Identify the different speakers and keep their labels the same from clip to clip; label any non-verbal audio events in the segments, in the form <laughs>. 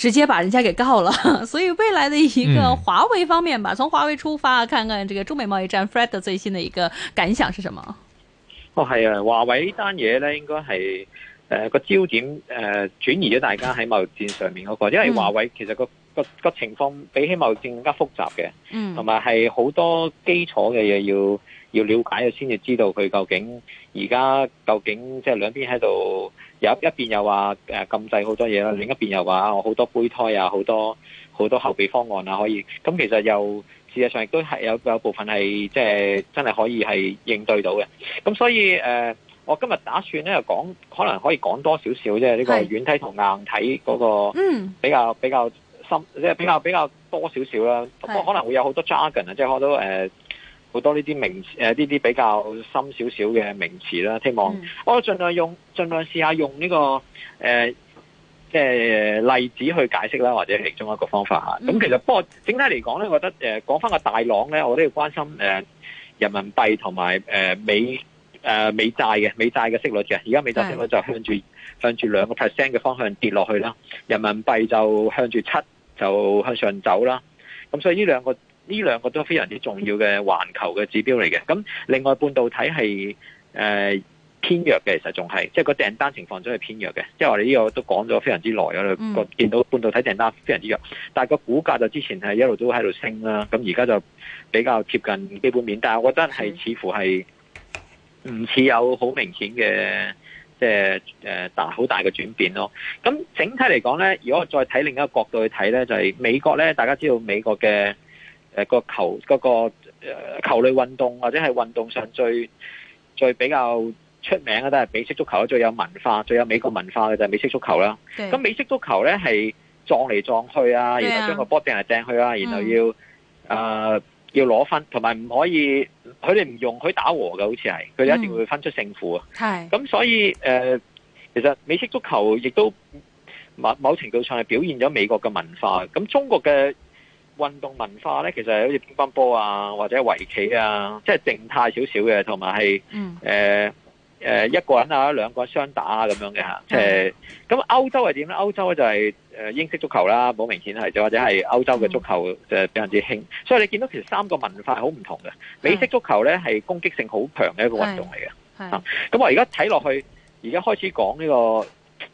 Speaker 1: 直接把人家給告了，所以未來的一個華為方面吧，從華為出發，看看這個中美貿易戰，Fred 的最新的一個感想是什麼？哦係啊，華為呢單嘢咧，應該係誒個焦點誒轉、呃、移咗大家喺貿易戰上面、嗰個，因為華為其實個個個個情況比起貿易戰更加複雜嘅，同埋係好多基礎嘅嘢要。要了解嘅先至知道佢究竟而家究竟，即係兩邊喺度有，一邊又話禁制好多嘢啦，嗯、另一邊又話我好多備胎啊，好多好多後備方案啊可以。咁其實又事實上亦都係有有部分係即係真係可以係應對到嘅。咁所以誒、呃，我今日打算咧講可能可以講多少少即係呢個軟體同硬體嗰個嗯比較嗯比較深，即係、嗯、比較 okay. 比較多少少啦。不過是可能會有好多 jargon 啊，即係好多誒。好多呢啲名誒，呢啲比較深少少嘅名詞啦，希望我盡量用盡量試下用呢、呢個誒即係、呃呃、例子去解釋啦，或者其中一個方法吓。咁其實不過整體嚟講咧，我覺得誒講翻個大浪咧，我都要關心誒、呃、人民幣同埋誒美、呃、美債嘅美債嘅息率嘅。而家美債息率就向住的向住兩個 percent 嘅方向跌落去啦，人民幣就向住七就向上走啦。咁所以呢兩個。呢兩個都非常之重要嘅環球嘅指標嚟嘅。咁另外半導體係誒、呃、偏弱嘅，其實仲係即係個訂單情況真係偏弱嘅。即係我哋呢個都講咗非常之耐啦，我哋見到半導體訂單非常之弱，但係個股價就之前係一路都喺度升啦。咁而家就比較接近基本面，但係我覺得係似乎係唔似有好明顯嘅即係誒大好大嘅轉變咯。咁整體嚟講咧，如果我再睇另一個角度去睇咧，就係美國咧，大家知道美國嘅。誒，個球個、那個球類運動或者係運動上最最比較出名嘅，都係美式足球，最有文化，最有美國文化嘅就係美式足球啦。咁的美式足球咧係撞嚟撞去啊，的然後將個波掟嚟掟去啊，然後要誒、嗯呃、要攞分，同埋唔可以，佢哋唔用佢打和嘅，好似係，佢哋一定會分出勝負啊。係、嗯。咁所以誒、呃，其實美式足球亦都某某程度上係表現咗美國嘅文化。咁中國嘅運動文化呢，其實係好似乒乓波啊，或者圍棋啊，即係靜態少少嘅，同埋係誒誒一個人啊，兩個人雙打啊咁樣嘅嚇。誒咁、嗯呃、歐洲係點呢？歐洲就係誒英式足球啦，好明顯係，或者係歐洲嘅足球誒比較之興。嗯、所以你見到其實三個文化係好唔同嘅。是美式足球呢，係攻擊性好強嘅一個運動嚟嘅。咁、啊、我而家睇落去，而家開始講呢、呢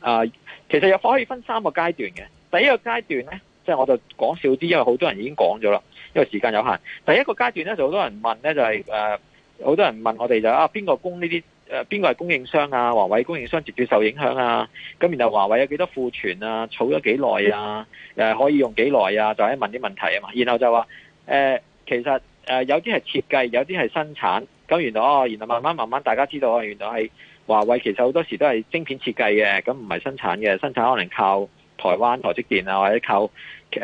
Speaker 1: 個啊，其實又可以分三個階段嘅。第一個階段呢。即係我就講少啲，因為好多人已經講咗啦，因為時間有限。第一個階段咧就好多人問咧，就係、是、誒，呃，好多人問我哋就啊，邊個供呢啲誒？邊個係供應商啊？華為供應商直接受影響啊？咁然後華為有幾多庫存啊？儲咗幾耐啊、呃？可以用幾耐啊？就係、是、問啲問題啊嘛。然後就話誒、呃，其實誒、呃、有啲係設計，有啲係生產。咁原來哦，原來慢慢慢慢大家知道啊，原來係華為其實好多時都係晶片設計嘅，咁唔係生產嘅，生產可能靠。台灣台積電啊，或者靠誒誒、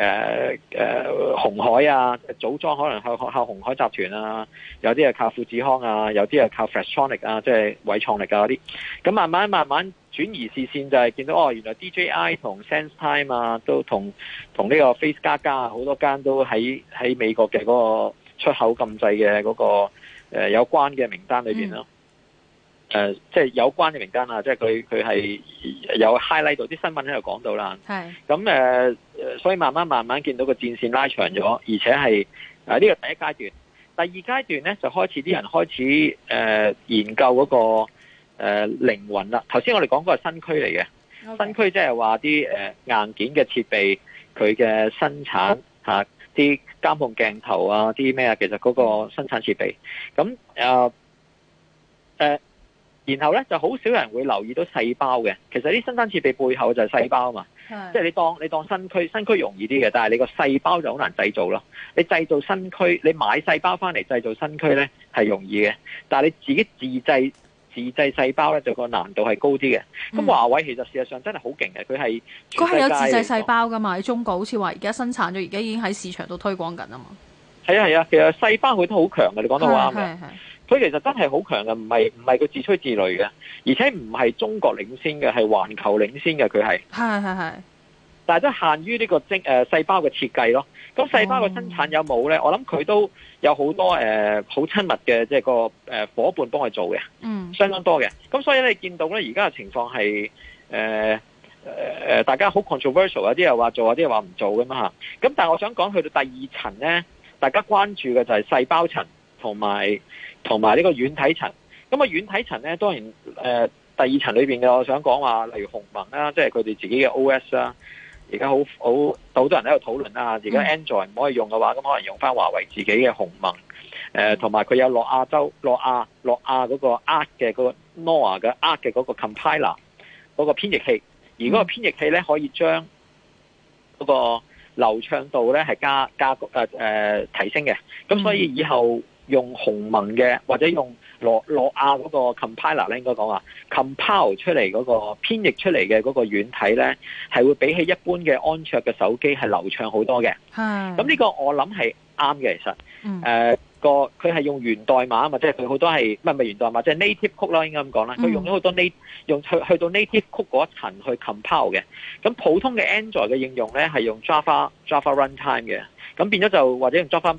Speaker 1: 呃呃、鴻海啊，組裝可能靠靠鴻海集團啊，有啲係靠富士康啊，有啲係靠 Flextronics 啊，即係偉創力啊嗰啲。咁慢慢慢慢轉移視線就，就係見到哦，原來 DJI 同 SenseTime 啊，都同同呢個 Face 加加啊，好多間都喺喺美國嘅嗰個出口禁制嘅嗰、那個、呃、有關嘅名單裏邊咯。嗯誒，即係、呃就是、有關嘅名單啦，即係佢佢係有 highlight 到啲新聞喺度講到啦。係是的、嗯。咁、呃、誒，所以慢慢慢慢見到個戰線拉長咗，而且係誒呢個第一階段，第二階段咧就開始啲人開始誒、呃、研究嗰、那個誒靈、呃、魂啦。頭先我哋講嗰個新區嚟嘅，Okay. 新區即係話啲誒硬件嘅設備，佢嘅生產吓，啲、啊、監控鏡頭啊，啲咩啊，其實嗰個生產設備，咁啊誒。呃呃然後咧就好少人會留意到細胞嘅，其實啲生產設備背後就係細胞啊嘛，的即係你當你當新區新區容易啲嘅，但係你個細胞就好難製造咯。你製造新區，你買細胞翻嚟製造新區咧係容易嘅，但係你自己自製自製細胞咧就個難度係高啲嘅。咁華、嗯、為其實事實上真係好勁嘅，佢係佢係有自製細胞噶嘛？喺中國好似話而家生產咗，而家已經喺市場度推廣緊啊嘛。係啊係啊，其實細胞佢都好強嘅，你講得啱嘅。佢其實真係好強嘅，唔係唔係佢自吹自擂嘅，而且唔係中國領先嘅，係環球領先嘅。佢係係係係，是是是，但係都限於呢個精誒、呃、細胞嘅設計咯。咁細胞嘅生產有冇咧？嗯、我諗佢都有好多誒好、呃、親密嘅，即係、那個誒夥、呃、伴幫佢做嘅，嗯，相當多嘅。咁所以你見到咧，而家嘅情況係誒誒誒，大家好 controversial，有啲又話做，有啲又話唔做嘅嘛嚇。咁但係我想講去到第二層咧，大家關注嘅就係細胞層同埋。還有同埋呢個軟體層，咁、那、啊、個、軟體層咧，當然誒、呃、第二層裏面嘅，我想講話，例如鴻蒙啦，即係佢哋自己嘅 OS 啦、啊，而家好好好好多人喺度討論啦、啊。而家、嗯、Android 唔可以用嘅話，咁可能用翻華為自己嘅鴻蒙，誒、呃，同埋佢有諾亞洲諾亞諾亞嗰個 Ark 嘅嗰個 Noah、ah、嘅 Ark 嘅嗰個 compiler 嗰個編譯器。嗯、而嗰個編譯器咧可以將嗰個流暢度咧係加加誒誒、呃、提升嘅，咁所以以後。嗯嗯用鴻蒙嘅或者用洛洛亞嗰個 compiler 咧，應該講話 <music> compile 出嚟嗰、嗰個編譯出嚟嘅嗰個軟體咧，係會比起一般嘅安卓嘅手機係流暢好多嘅。咁呢的個我諗係啱嘅，其實，誒個佢係用源代碼啊嘛，即係佢好多係唔係源代碼，即係 native code 啦，應該咁講啦。佢、嗯、用咗好多 native 用去去到 native code 嗰一層去 compile 嘅。咁普通嘅 Android 嘅應用咧係用 Java Java runtime 嘅。咁變咗就或者用 Java。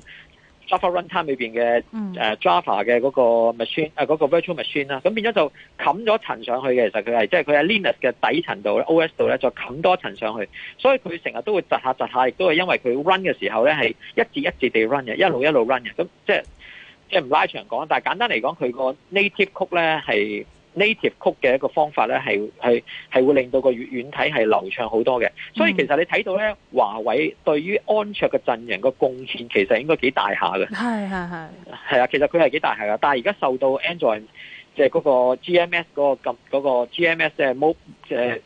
Speaker 1: Java runtime 裏面嘅誒 Java 嘅嗰個 machine 嗰、mm. 啊嗰個、virtual machine 啦，咁變咗就冚咗層上去嘅。其實佢係即係佢喺 Linux 嘅底層度咧，OS 度咧再冚多層上去，所以佢成日都會窒下窒下，亦都係因為佢 run 嘅時候咧係一節一節地 run 嘅，一路一路 run 嘅。咁即係即係唔拉長講，但係簡單嚟講，佢個 native code 咧係。native 曲嘅一個方法咧，係係係會令到個軟軟體係流暢好多嘅。所以其實你睇到咧，華為對於安卓嘅陣營個貢獻其實應該幾大下嘅。係係係啊，其實佢係幾大下噶，但係而家受到 And Android 即係嗰個 GMS 嗰個，咁 GMS 嘅模即係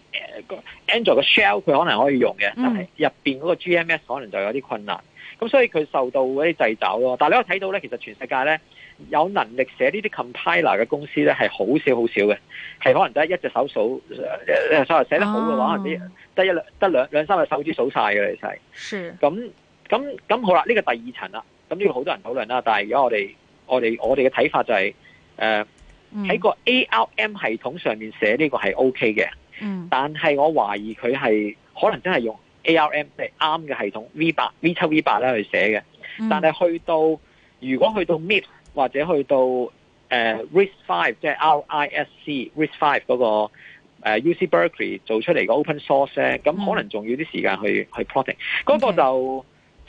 Speaker 1: Android 嘅 shell，佢可能可以用嘅，但係入邊嗰個 GMS 可能就有啲困難。咁所以佢受到嗰啲掣肘咯。但係你可以睇到咧，其實全世界咧。.有能力寫呢啲 compiler 嘅公司咧，係好少好少嘅，係可能得一隻手數，嗯、寫得好嘅話，得、哦、一隻兩得三隻手指數曬嘅，是其實係，咁咁咁好啦，呢、呢個第二層啦，咁呢個好多人討論啦，但係而家我哋我哋我哋嘅睇法就係、是，喺、呃嗯、個 ARM 系統上面寫呢個係 OK 嘅，嗯，但係我懷疑佢係可能真係用 ARM 係啱嘅系統 V 八 V 七 V 八咧去寫嘅，嗯、但係去到如果去到 Mid 或者去到誒 RISC-V 即係 RISC-V RISC-V 嗰個誒 UC Berkeley 做出嚟個 open source 咧，咁可能仲要啲時間去去 product。嗰 Okay. 個就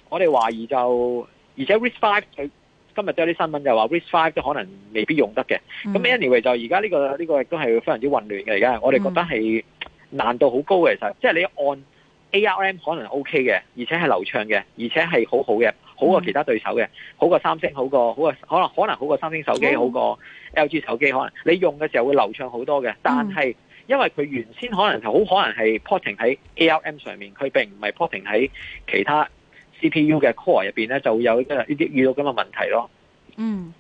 Speaker 1: 我哋懷疑就，而且 RISC-V 佢今日都有啲新聞就話 RISC-V 都可能未必用得嘅。咁、mm. anyway 就而家呢個呢、呢個亦都係非常之混亂嘅。而家我哋覺得係難度好高嘅，mm. 其實即係你一按 ARM 可能 OK 嘅，而且係流暢嘅，而且係好好嘅。好過其他對手嘅，好過三星，好過好過可能可能好過三星手機，好過 LG 手機，可能你用嘅時候會流暢好多嘅。但係因為佢原先可能好可能係 porting 喺 ARM 上面，佢並唔係 porting 喺其他 CPU 嘅 core 入邊咧，就會有呢啲遇到咁嘅問題咯。嗯。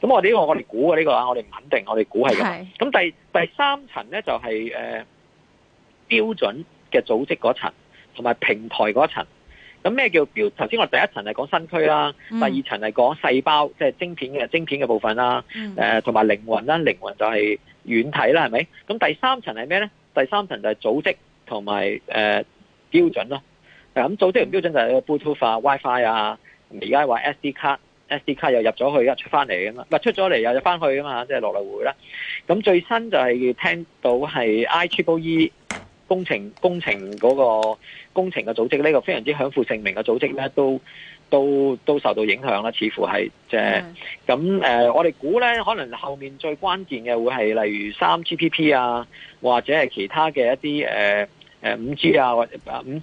Speaker 1: 咁我哋呢個我哋估嘅呢個啊，我哋唔肯定，我哋估係咁。係。咁第第三層咧就係，是，誒，呃，標準嘅組織嗰層，同埋平台嗰層。咁咩叫標？頭先我第一層係講新區啦，第二層係講細胞，即係晶片嘅晶片嘅部分啦。同埋靈魂啦，靈魂就係軟體啦，係咪？咁第三層係咩咧？第三層就係組織同埋誒標準咯。咁組織同標準就係個 Bluetooth 啊、WiFi 啊。而家話 SD 卡，SD 卡又入咗去，又出翻嚟噶嘛？唔係出咗嚟又入翻去噶嘛？即係落嚟會啦。咁最新就係聽到係 IEEE。工程工程嗰個工程嘅組織，呢個非常之享負盛名嘅組織咧，都都都受到影響啦。似乎係即係咁誒，我哋估咧，可能後面最關鍵嘅會係例如三 GPP 啊，或者係其他嘅一啲誒誒五 G 啊，或者啊五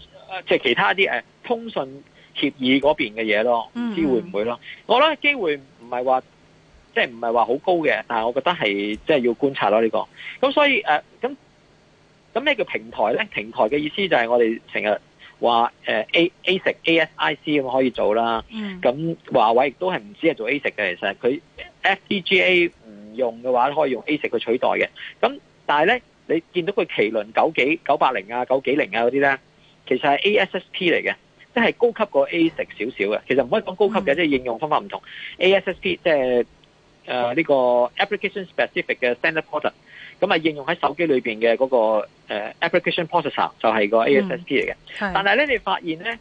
Speaker 1: 即係其他一啲誒、呃、通訊協議嗰邊嘅嘢咯，唔知會唔會咯？是的我覺得機會唔係話即係唔係話好高嘅，但係我覺得係即係要觀察咯，呢個咁所以誒咁。呃咁咩叫平台咧？平台嘅意思就係我哋成日話誒 A A 食 ASIC 咁可以做啦。咁華、mm. 為亦都係唔止係做 A 食嘅，其實佢 FPGA 唔用嘅話可以用 A 食去取代嘅。咁但係咧，你見到佢麒麟九幾九八零啊、九幾零啊嗰啲咧，其實係 ASSP 嚟嘅，即、就、係、是、高級過 ASIC 少少嘅。其實唔可以講高級嘅，即係、mm. 應用方法唔同。ASSP 即係。誒呢、呃、個 application specific 嘅 standard product，咁啊應用喺手機裏面嘅嗰個 application processor 就係個 ASSP 嚟嘅。但係咧你發現咧，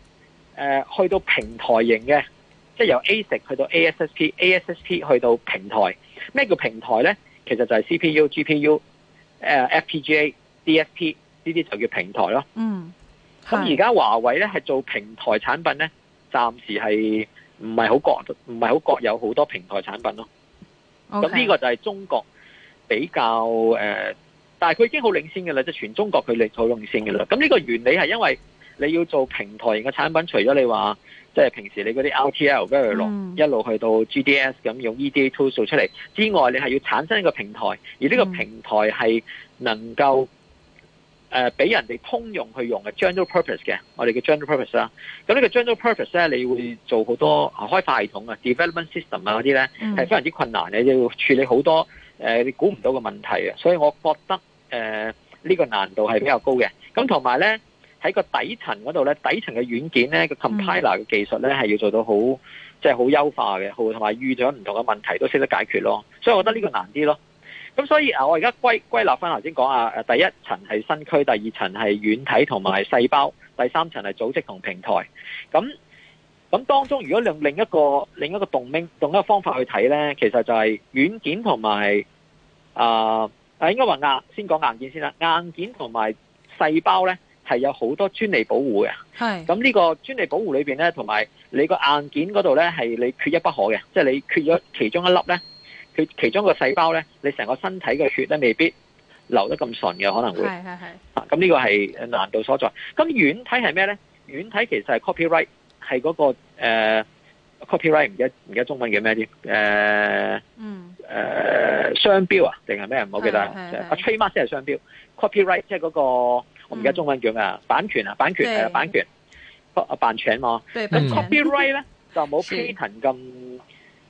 Speaker 1: 誒去到平台型嘅，即係由 ASIC 去到 ASSP，ASSP 去到平台，咩叫平台咧？其實就係 CPU、GPU、FPGA、DSP FP 呢啲就叫平台咯。嗯。咁而家華為咧係做平台產品咧，暫時係唔係好國，唔係好國有好多平台產品咯。咁呢個就係中國比較誒 Okay.、呃，但係佢已經好領先嘅啦，即係全中國佢哋好領先嘅啦。咁呢個原理係因為你要做平台型嘅產品，除咗你話即係平時你嗰啲 RTL、Verilog 一路去到 GDS 咁用 EDA tool 做出嚟之外，你係要產生一個平台，而呢個平台係能夠、mm。Hmm. 能誒俾人哋通用去用嘅 general purpose 嘅，我哋嘅 general purpose 啦。咁呢個 general purpose 咧，你會做好多開發系統啊、嗯、development system 啊嗰啲咧，係、嗯、非常之困難嘅，要處理好多、呃、你估唔到嘅問題嘅。所以我覺得誒呢、呃這個難度係比較高嘅。咁同埋咧喺個底層嗰度咧，底層嘅軟件咧個 compiler 嘅技術咧係要做到好即係好優化嘅，好同埋遇咗唔同嘅問題都識得解決咯。所以我覺得呢個難啲咯。咁所以啊，我而家歸歸納翻頭先講啊，誒第一層係身軀，第二層係軟體同埋細胞，第三層係組織同平台。咁咁當中，如果用另一個另一個動名、另一個方法去睇咧，其實就係軟件同埋啊，應該話硬先講硬件先啦。硬件同埋細胞咧，係有好多專利保護嘅。係。咁呢個專利保護裏邊咧，同埋你個硬件嗰度咧，係你缺一不可嘅，即係你缺咗其中一粒咧。佢其中個細胞咧，你成個身體嘅血咧，未必流得咁順嘅，可能會係係係。咁呢個係難度所在。咁軟體係咩咧？軟體其實係 copyright，係嗰個 copyright，唔記得唔記得中文叫咩啲誒？嗯誒，商標啊定係咩？唔好記得。係係 Trademark 先係商標，copyright 即係嗰個我唔記得中文叫咩啊，版權啊，版權係啊，版權。版權哦。對版權。咁 copyright 咧就冇 patent 咁。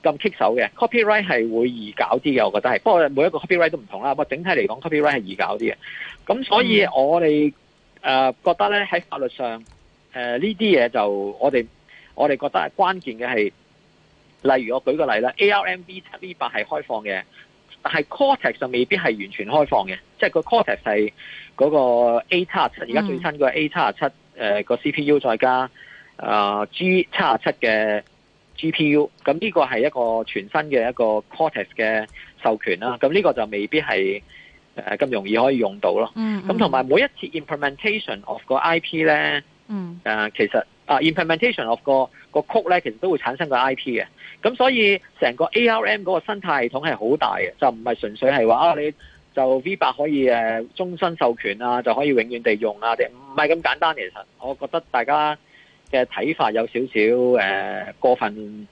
Speaker 1: 咁棘手嘅 copyright 係會易搞啲嘅，我覺得係。不過每一個 copyright 都唔同啦，不過整體嚟講 copyright 係易搞啲嘅。咁所以我哋誒覺得咧，喺法律上誒呢啲嘢，就我哋我哋覺得係關鍵嘅係，例如我舉個例啦，ARMV 七 V 八係、e、開放嘅，但係 Cortex 就未必係完全開放嘅，即係個 Cortex 係嗰個 A 七七而家最新嗰個 A 七七誒個 CPU 再加啊 G 七七嘅。GPU 咁呢個係一個全新嘅一個 cortex 嘅授權啦，咁呢個就未必係咁容易可以用到咯。嗯、mm。咁同埋每一次 implementation of 個 IP 咧、mm，嗯、hmm. 啊。其實啊 implementation of 個 code 咧，其實都會產生個 IP 嘅。咁所以成個 ARM 嗰個生態系統係好大嘅，就唔係純粹係話啊你就 V 八可以誒終身授權啊，就可以永遠地用啊，定唔係咁簡單。其實我覺得大家嘅睇法有少少誒過分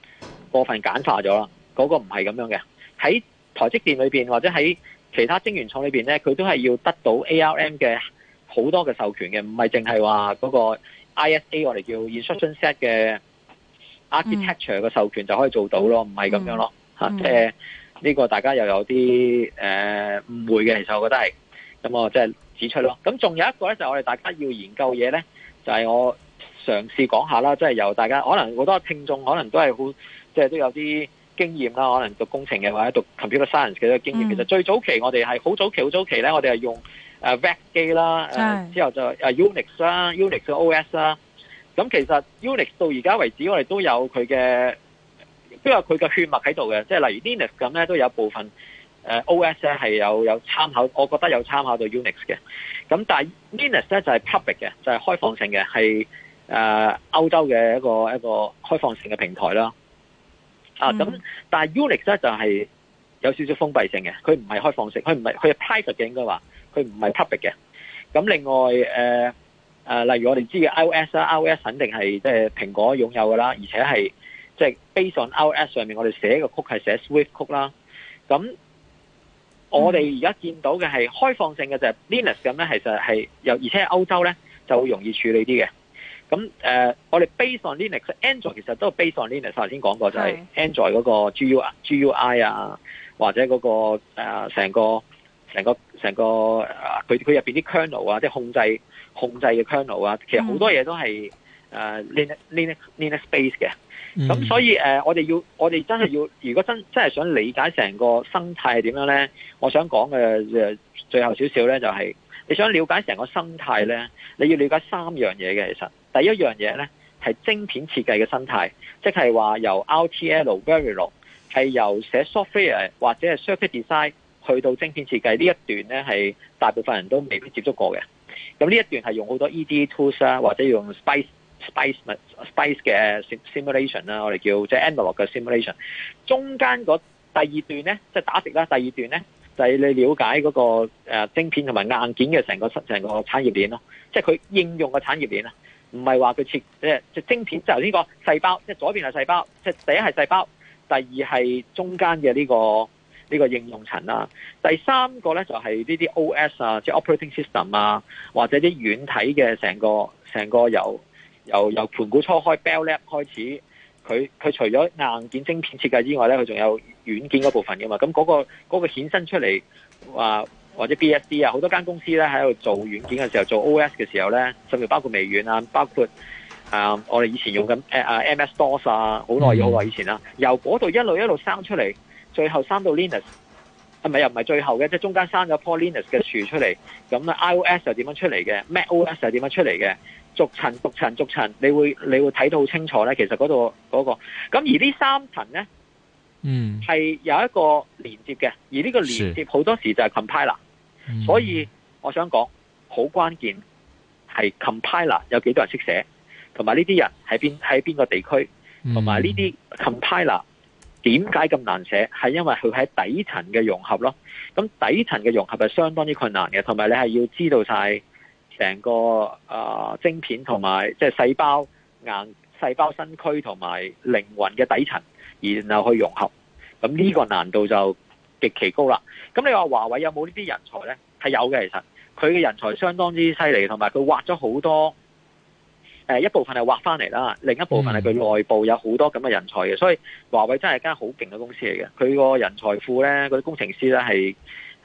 Speaker 1: 過分簡化咗啦，嗰個唔係咁樣嘅。喺台積電裏邊或者喺其他晶圓廠裏邊咧，佢都係要得到 ARM 嘅好多嘅授權嘅，唔係淨係話嗰個 ISA 我哋叫 instruction set 嘅 architecture 嘅授權就可以做到咯，唔係咁樣咯嚇。即係呢個大家又有啲誒誤會嘅，其實我覺得係咁我即係指出咯。咁仲有一個咧，就係我哋大家要研究嘢咧，就係我。嘗試講下啦，即係由大家可能好多聽眾可能都係好，即係都有啲經驗啦。可能讀工程嘅或者讀 computer science 嘅嘅經驗，嗯、其實最早期我哋係好早期好早期咧，我哋係用 VAX 機啦，是的 之後就 Unix 啦，Unix 嘅 OS 啦。咁其實 Unix 到而家為止，我哋都有佢嘅，都有佢嘅血脈喺度嘅。即係例如 Linux 咁咧，都有部分 OS 咧係有有參考，我覺得有參考到 Unix 嘅。咁但係 Linux 咧就係 public 嘅，就係開放性嘅，係。誒，歐洲嘅一個一個開放性嘅平台啦，啊，咁但係 Unix 咧就係有少少封閉性嘅，佢唔係開放性，佢唔係佢係 private 嘅應該話，佢唔係 public 嘅。咁另外誒誒，例如我哋知嘅 iOS 啦，iOS 肯定係即係蘋果擁有噶啦，而且係即係 based on iOS 上面我哋寫個曲係寫 Swift 曲啦。咁我哋而家見到嘅係開放性嘅就係 Linux 咁咧，其實係又而且係歐洲咧就會容易處理啲嘅。咁誒、呃，我哋 base on Linux，Android 其實都 base on Linux。我頭先講過就係 Android 嗰個 GUI、GUI 啊，或者嗰、嗰個成、呃、個成個成個佢佢入面啲 kernel 啊，即係控制控制嘅 kernel 啊，其實好多嘢都係誒、mm. uh, Linux Linux base 嘅。咁、mm. 所以誒、呃，我哋要我哋真係要，如果真真係想理解成個生態係點樣咧，我想講嘅最後少少咧，就係你想了解成個生態咧，你要了解三樣嘢嘅其實。第一樣嘢咧係晶片設計嘅生態，即係話由 RTL、Verilog 係由寫 software 或者係 circuit design 去到晶片設計呢一段咧係大部分人都未必接觸過嘅。咁呢一段係用好多 EDA tools 啊，或者用 Spice、Spice Spice 嘅 simulation 啦，我哋叫即係 analog 嘅 simulation。中間嗰第二段咧，即係打直啦，第二段咧就係你了解嗰個誒晶片同埋硬件嘅成個成個產業鏈咯，即係佢應用嘅產業鏈啊。唔係話佢設即係即晶片就，就呢個細胞，即係左邊係細胞，即係第一係細胞，第二係中間嘅呢、呢個呢、呢個應用層啦，第三個咧就係、係、呢啲 OS 啊，即 Operating System 啊，或者啲軟體嘅成個成個由由由盤古初開 Bell Lab 開始，佢佢除咗硬件晶片設計之外咧，佢仲有軟件嗰部分噶嘛，咁嗰、嗰個嗰、嗰個衍生出嚟話。啊或者 B.S.D 啊，好多間公司咧喺度做軟件嘅時候，做 O.S. 嘅時候咧，甚至包括微軟啊，包括啊、呃，我哋以前用緊啊 M.S.Dos 啊，好耐好耐以前啦，由嗰度一路一路生出嚟，最後生到 Linux，係咪？又唔係最後嘅，即係中間生咗棵 Linux 嘅樹出嚟，咁 I.O.S. 又點樣出嚟嘅？Mac.O.S. 又點樣出嚟嘅？逐層逐層逐層，你會你會睇到好清楚咧。其實嗰度嗰個，咁而呢三層咧，嗯，係有一個連接嘅，而呢個連接好多時就係 Compile。所以我想講，好關鍵係 compiler 有幾多人識寫，同埋呢啲人喺邊喺邊個地區，同埋呢啲 compiler 點解咁難寫？係因為佢喺底層嘅融合咯。咁底層嘅融合係相當之困難嘅，同埋你係要知道晒成個誒、呃、晶片同埋即係細胞硬細胞身軀同埋靈魂嘅底層，然後去融合。咁呢個難度就。亦其高啦！咁你話華為有冇呢啲人才呢？係有嘅，其實佢嘅人才相當之犀利，同埋佢挖咗好多誒、呃、一部分係挖翻嚟啦，另一部分係佢內部有好多咁嘅人才嘅，所以華為真係一間好勁嘅公司嚟嘅。佢個人才庫呢，嗰啲工程師呢，係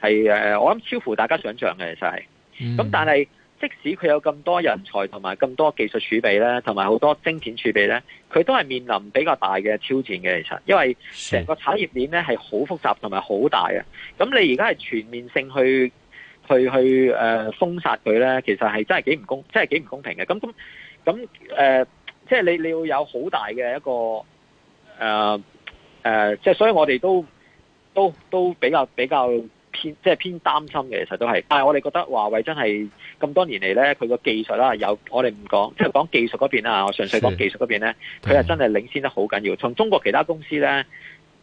Speaker 1: 係誒，我諗超乎大家想象嘅，其實係咁。但係。即使佢有咁多人才同埋咁多技術儲備咧，同埋好多晶片儲備咧，佢都係面臨比較大嘅挑戰嘅其實，因為成個產業鏈咧，係好複雜同埋好大嘅。咁你而家係全面性去去去誒、呃、封殺佢咧，其實係真係幾唔公，真係幾唔公平嘅。咁咁咁誒，即係你你要有好大嘅一個誒誒、呃呃、即係，所以我哋都都都比較比較。即係偏擔心嘅，其實都係，但係我哋覺得華為真係咁多年嚟咧，佢個技術啦，有我哋唔講，即係講技術嗰邊啦，我純粹講技術嗰邊咧，佢係真係領先得好緊要。從中國其他公司咧，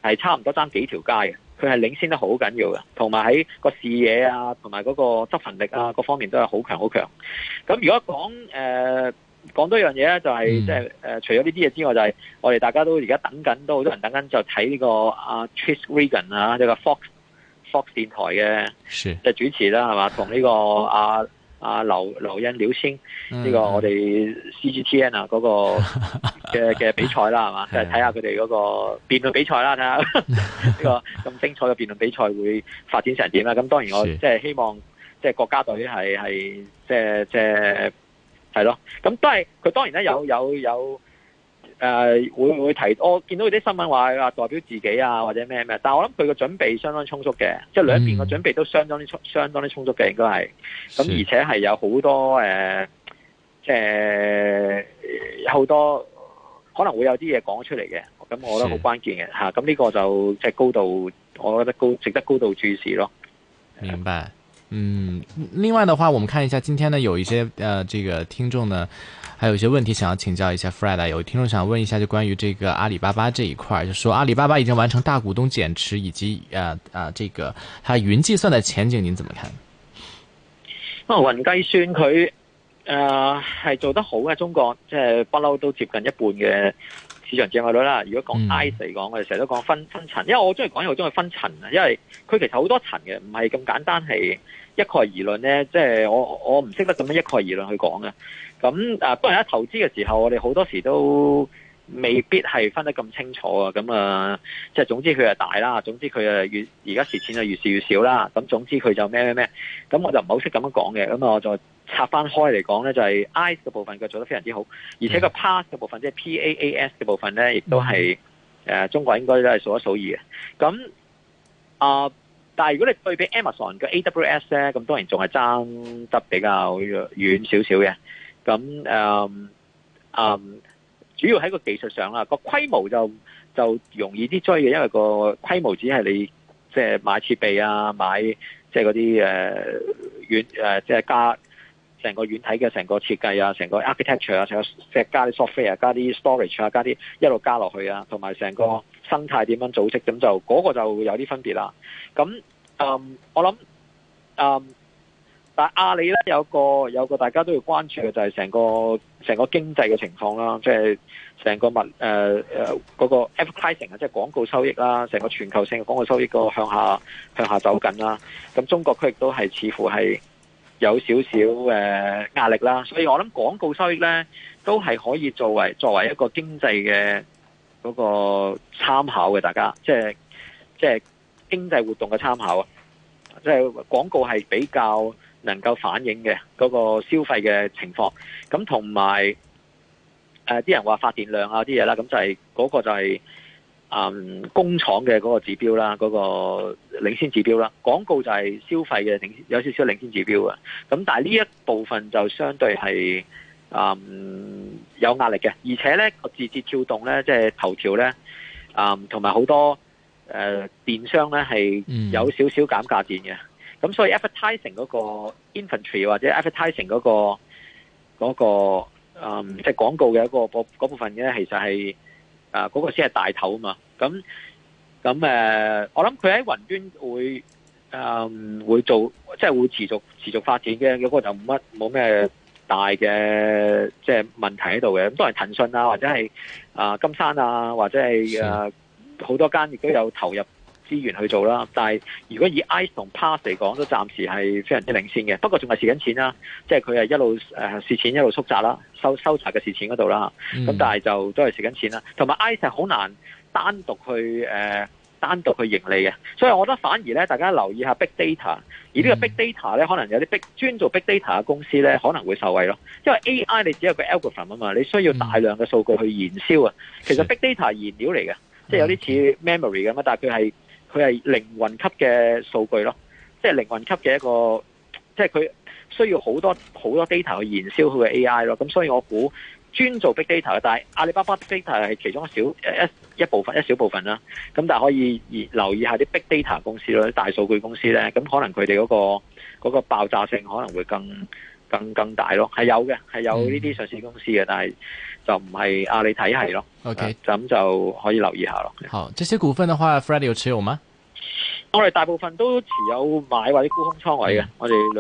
Speaker 1: 係差唔多爭幾條街嘅，佢係領先得好緊要嘅。同埋喺個視野啊，同埋嗰個執行力啊，各方面都係好強好強。咁如果講誒講多一樣嘢咧，就係即係除咗呢啲嘢之外，就係，就係我哋大家都而家等緊，都好多人等緊就睇呢、呢個啊 Trish Regan 啊，呢、啊呢個 Fox。Fox 電台嘅，即係主持啦，係嘛是，同呢個阿阿劉劉欣了先呢、呢個我哋 CGTN 啊，嗰個嘅嘅 <laughs> 比賽啦，係嘛，是就係睇下佢哋嗰個辯論比賽啦，睇下呢個咁精彩嘅辯論比賽會發展成點啦。咁當然我即係希望，即係國家隊係係即係即係係咯。咁都係佢當然咧有有有。有有誒、呃，會唔會提？我見到佢啲新聞話，話代表自己啊，或者咩咩。但係我諗佢個準備相當充足嘅，即係兩邊個準備都相當之充，嗯、相當之充足嘅，應該係。咁、嗯、是而且係有好多誒，即係好多可能會有啲嘢講出嚟嘅。咁、嗯、我覺得好關鍵嘅吓。咁呢是、啊嗯這個就即係高度，我覺得高，值得高度注視咯。明白。嗯，嗯另外嘅話，我們看一下，今天呢，有一些誒、呃，這個聽眾呢。還有一些問題想要請教一下 Fred 啊有聽眾想問一下，就關於這個阿里巴巴這一塊，就說阿里巴巴已經完成大股東減持，以及呃呃、啊啊，這個它雲計算的前景，您怎麼看？啊、哦，雲計算佢，誒，係、呃、做得好嘅，中國即係不嬲都接近一半嘅。市場整體率啦，如果講 I 市嚟講，我哋成日都講分分層，因為我中意講又中意分層啊，因為佢其實好多層嘅，唔係咁簡單係一概而論咧，即係我我唔識得咁樣一概而論去講嘅。咁啊，當然喺投資嘅時候，我哋好多時都，未必係分得咁清楚啊！咁啊，即、呃、係總之佢係大啦，總之佢啊越而家蝕錢啊越蝕越少啦。咁總之佢就咩咩咩，咁我就唔係好識咁樣講嘅。咁啊，我再拆翻開嚟講呢，就係 IaaS 嘅部分佢做得非常之好，而且個 PaaS 嘅部分、嗯、即係 PaaS 嘅部分呢，亦都係誒、嗯呃、中國應該都係數一數二嘅。咁啊、呃，但係如果你對比 Amazon 嘅 AWS 呢，咁當然仲係爭得比較遠少少嘅。咁誒，嗯、呃。呃主要喺個技術上啦，個規模就就容易啲追嘅，因為個規模只係你即係、就是、買設備啊，買即係嗰啲誒軟誒，即、就、係、是呃呃就是、加成個軟體嘅成個設計啊，成個 architecture 啊，成個即係加啲 software 啊，加啲 storage 啊，加啲一路加落去啊，同埋成個生態點樣組織，咁就嗰、嗰個就有啲分別啦。咁嗯，um, 我諗嗯。Um, 但阿里咧有個有個大家都要關注嘅就係成個成個經濟嘅情況啦，即係成個物誒誒嗰個 advertising 啊，即係廣告收益啦，成個全球性嘅廣告收益個向下向下走緊啦。咁中國區亦都係似乎係有少少誒壓力啦，所以我諗廣告收益咧都係可以作為作為一個經濟嘅嗰個參考嘅，大家即係即係經濟活動嘅參考啊，即係廣告係比較。能夠反映嘅嗰、那個消費嘅情況，咁同埋誒啲人話發電量啊啲嘢啦，咁就係、是、嗰、那個就係、是、誒、嗯、工廠嘅嗰個指標啦，嗰、那個領先指標啦。廣告就係消費嘅領有少少領先指標嘅。咁但係呢一部分就相對係誒、嗯、有壓力嘅，而且咧個字節跳動咧即係頭條咧啊同埋好多誒、呃、電商咧係有少少減價戰嘅。咁所以 advertising 嗰個 infantry 或者 advertising 嗰個嗰、那個、那個、嗯即係廣告嘅一、那個那個那個部部分咧，其實係啊嗰個先係大頭啊嘛。咁咁誒我諗佢喺雲端會嗯會做，即、就、係、是、會持續持續發展嘅。有、那個就冇乜冇咩大嘅即係問題喺度嘅。咁當然騰訊啊，或者係啊、呃、金山啊，或者係誒好多間亦都有投入。資源去做啦，但係如果以 Ice 同 Pass 嚟講，都暫時係非常之領先嘅。不過仲係蝕緊錢啦，即係佢係一路誒蝕、呃、錢一路縮窄啦，收收窄嘅蝕錢嗰度啦。咁、嗯、但係就都係蝕緊錢啦。同埋 Ice 係好難單獨去誒、呃、單獨去盈利嘅，所以我覺得反而咧，大家留意下 Big Data。而呢個 Big Data 咧，嗯、可能有啲專做 Big Data 嘅公司咧，可能會受惠咯。因為 AI 你只有個 algorithm 啊嘛，你需要大量嘅數據去燃燒啊。嗯、其實 Big Data 係燃料嚟嘅，嗯、即係有啲似 memory 咁啊，但係佢係。佢係靈魂級嘅數據咯，即係靈魂級嘅一個，即係佢需要好多好多 data 去燃燒佢嘅 AI 咯。咁所以我估專做 big data 嘅，但係阿里巴巴 data 係其中一小一一部分、一小部分啦。咁但係可以留意下啲 big data 公司咯，啲大數據公司咧，咁可能佢哋嗰個嗰個爆炸性可能會更更更大咯是的。係有嘅，係有呢啲上市公司嘅，但係。就唔係阿里體系咯，OK，咁就可以留意下咯。好，這些股份的話，Fred 有持有嗎？我哋大部分都持有買或者沽空倉位嘅，哎、呀我哋。